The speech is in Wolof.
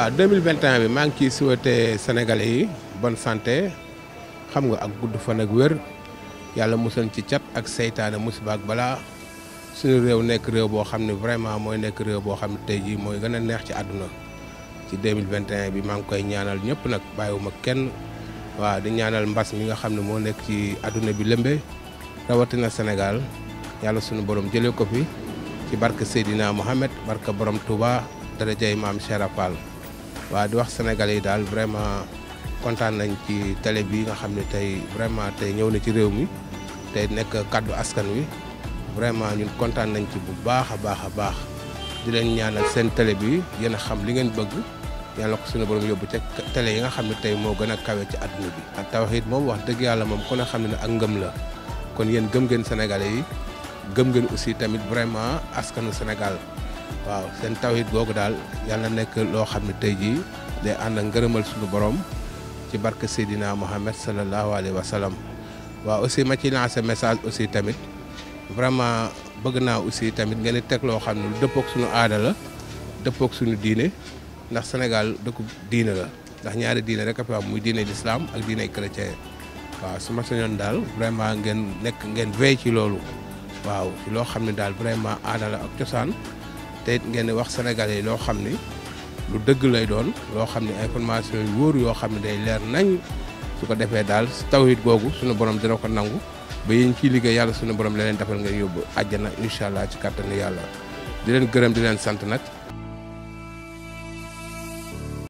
waaw 2021 bi maa ngi ciy souhaité sénégalais yi bon sante xam nga ak gudd fan ak wér yàlla musal ci cat ak seytaane musiba ak balaa suñu réew nekk réew boo xam ne vraiment mooy nekk réew boo xam ne tey jii mooy gën a neex ci àdduna ci 2021 bi maa ngi koy ñaanal ñëpp nag bàyyiwuma kenn waaw di ñaanal mbas mi nga xam ne moo nekk ci àdduna bi lëmbe rawatina Sénégal yàlla sunu borom jëlee ko fi ci barke Seydina Mohamed barke borom Touba darajay maam Cheikh Fall waaw di wax Sénégalais yi daal vraiment kontaan nañ ci tele bi nga xam ne tey vraiment tey ñëw na ci réew mi tey nekk kàddu askan wi vraiment ñun kontaan nañ ci bu baax a baax a baax di leen ñaanal seen tele bi yéen a xam li ngeen bëgg yàlla ko suñu borom yóbbu ca télé yi nga xam ne tey moo gën a kawe ci àdduna bi. ak tawxiid moom wax dëgg yàlla moom ku ne xam ne ak ngëm la kon yéen gëm ngeen Sénégalais yi gëm ngeen aussi tamit vraiment askanu Sénégal. waaw seen tawhid googu daal yàlla nekk loo xam ne tey jii day ànd ak ngërëmal suñu borom ci barke Seydina Mohamed sallallahu alayhi wa sallam waaw aussi ma ci lancé message aussi tamit vraiment bëgg naa aussi tamit ngeen di teg loo xam ne lu dëppook suñu aada la dëppook suñu diine ndax Sénégal dëkku diine la ndax ñaari diine rek a fi am muy diine lislaam ak diine chrétien waaw su ma sañoon daal vraiment ngeen nekk ngeen vey ci loolu waaw ci loo xam ne daal vraiment aada la ak cosaan te it ngeen wax sénégalais yi loo xam ni lu dëgg lay doon loo xam ne information yu wóor yoo xam ne day leer nañ su ko defee daal taw it googu sunu borom dina ko nangu ba yéen ciy liggéey yàlla suñu borom leneen defal nga yóbbu àjjana incha allah ci kàttanu yàlla di leen gërëm di leen sant nag.